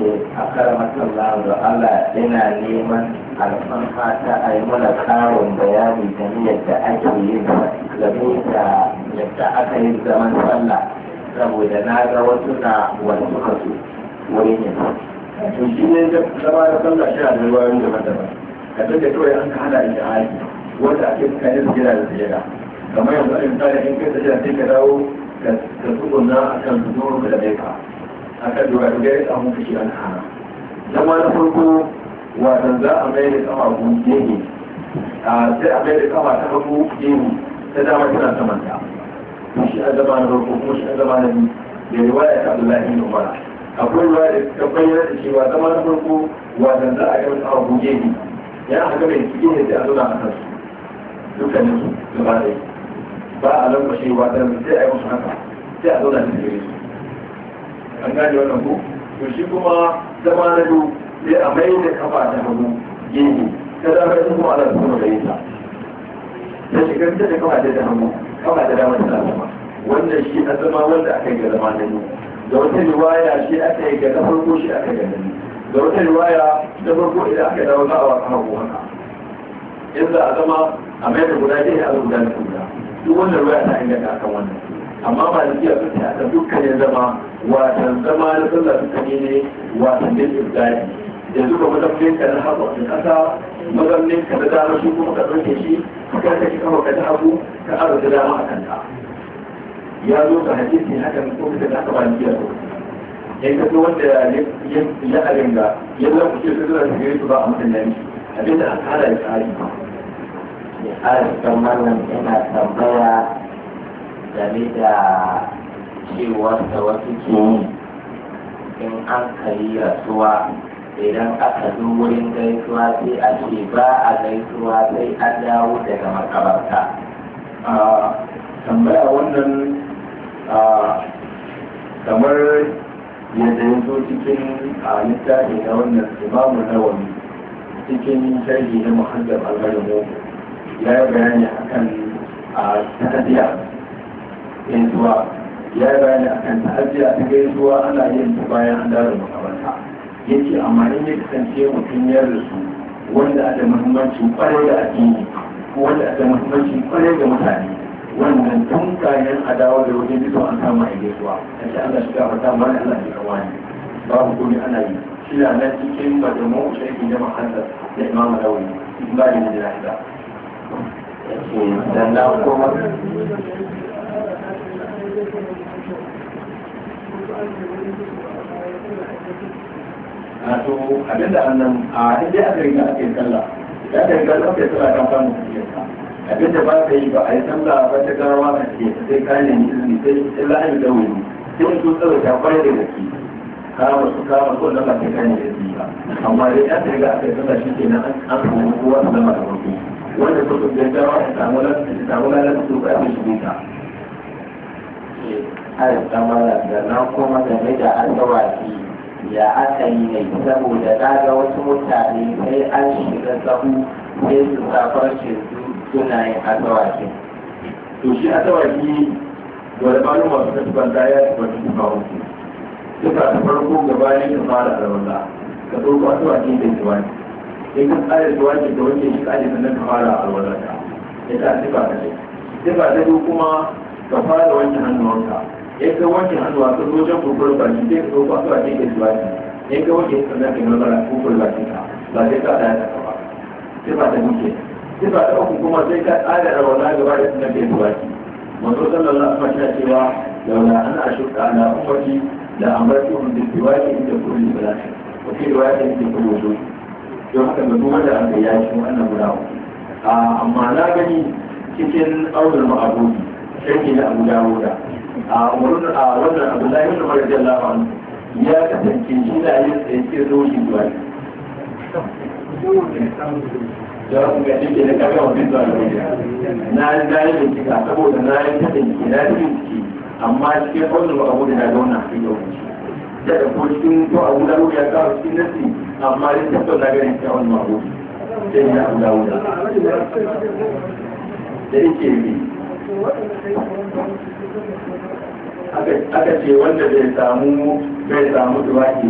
ce a karamatan da Allah ina neman alfan ta a yi mana karin bayani game yadda ake yi game da yadda aka yi zaman sallah saboda na ga wasu na wasu kasu wurin yin to shi ne zama da sallah shi a riwayoyin daban-daban a duk da kawai an ka hada da ayi wanda ake tsakanin su gida da tsira kamar yanzu a yi misali in kai tsira sai ka dawo ka tsugunna a kan zuwa da bai ka a kan da wani gari samu kashi an hana zama na farko watan za a mai da kama gun gini a sai a mai da kama ta hagu gini ta dama tana samanta shi a zama na farko kuma shi a zama na biyu da riwaya ta abdullahi bin umar akwai riwaya da ta bayyana da cewa zama na farko watan za a yi wani kama gun gini ya haka mai cikin da sai a zauna a kansu dukkanin su gaba ɗaya ba a lankwashe watan sai a yi musu haka sai a zauna da gare su an gane wannan ku to shi kuma zama na biyu sai a mai da kafa ta hagu gefe ta dama ita kuma ana kuma da ita ta shigar ta da kafa ta da hagu kafa ta dama ta zama wannan shi a zama wanda aka yi ga zama na biyu da wata riwaya shi aka yi ga na farko shi aka yi ga na biyu da wata riwaya da farko idan aka dawo za a wa kama gona in za a zama a mai da guda ɗaya a guda na guda duk wannan ruwa ta inganta akan wannan amma malikiya sun ce akan dukkan ya zama watan zama na sallah dukkan ne watan da ibdadi yanzu ba mazaunin ka na hagu a kasa mazaunin ka na dama shi kuma ka ɗauke shi ka kashe kawo ka ta hagu ka arzuta dama a kanta ya zo ka hadisi hakan ko ka da haka malikiya ko in ka wanda ya aringa ya zama kuke su zuwa su su ba a mutane abinda aka hada da tsari. Ya ƙara kamar nan yana tambaya game da cewar da wasu ke mm. in an kari rasuwa idan aka zo wurin gaisuwa sai a ce ba a gaisuwa sai an dawo daga makabarta ah, tambaya wannan ah, kamar yadda ya zo cikin a ah, littafi na wannan imamu wani cikin sharhi na muhallin al ya yi bayani akan a ta'adiyya gaisuwa ya yi bayani a kan ta'aziyya ta gaisuwa ana yin ta bayan an dawo makabarta ya ce amma in ya kasance mutum ya rasu wanda a da muhimmanci kwarai da addini ko wanda a da muhimmanci kwarai da mutane wannan tun kayan a dawo da wajen biso an samu a gaisuwa a ce Allah shiga fata mana Allah ya kawo ne babu komai ana yi shi na nan cikin majamu shaikin jama'a hanzar da imamu launi ba da jira shi da. Sannan a to abin da annan a inda aka riga ake sallah da aka riga ake sallah kan fara musulunta abin da ba ka yi ba a yi sallah ba ta gawa a ce sai ka ne izini sai illa an da wuri sai su tsara ta kware da gaske kama su kama su da ba ta kane izini ba amma dai yi ga aka sallah shi ke nan an samu kowa da ba da wanda su su gaggara ta samu lalata su ba ya shi ta har tsamara da nan kuma game da asawaki ya aka yi ne saboda na ga wasu mutane sai an shiga sahu sai su safar ce su suna yin asawaki. to shi asawaki wani bani masu kasuwan da ya taɓa su ba wuce duka ta farko gaba ne ka fara da wanda ka ɗauko asawaki da jiwani in ka tsara jiwani da wanda shi ka ajiye sannan ka fara a wanda ka ita a duka ta ce duka ta kuma ka fara wanke hannuwanka ya wanke hannuwa a kan wajen ba sai ka zo ba su a zuwa ne ya wanke hannu a kan wajen ba ba sai ka tsaya ta ba sai ba ta muke sai ba ta uku kuma sai ka tsaya da na gaba da suna kai zuwa ne manzo sallallahu alaihi wasallam cewa laula ana ashqa da ummati la da bi siwaki inda kulli salati wa fi riwayatin bi kulli wudu don haka da kuma da aka yi shi wannan guda ah, amma na gani cikin aure ma'abudu sai na abu dawo da a wurin a wannan abdullahi da mara jalla ba ya kasance shi da yin tsaye ke zo shi zuwa da wasu ga shi da kaga wani zuwa da na yi na yi bincika saboda na yi ta bincike na yi bincike amma cikin wannan ba abu da na zauna a cikin yawanci da da ko cikin ko abu da ya kawo cikin nasi amma dai tabbata na ganin cewa wannan abu sai ya abu da da yake yi aka ce wanda bai samu bai samu tuwaki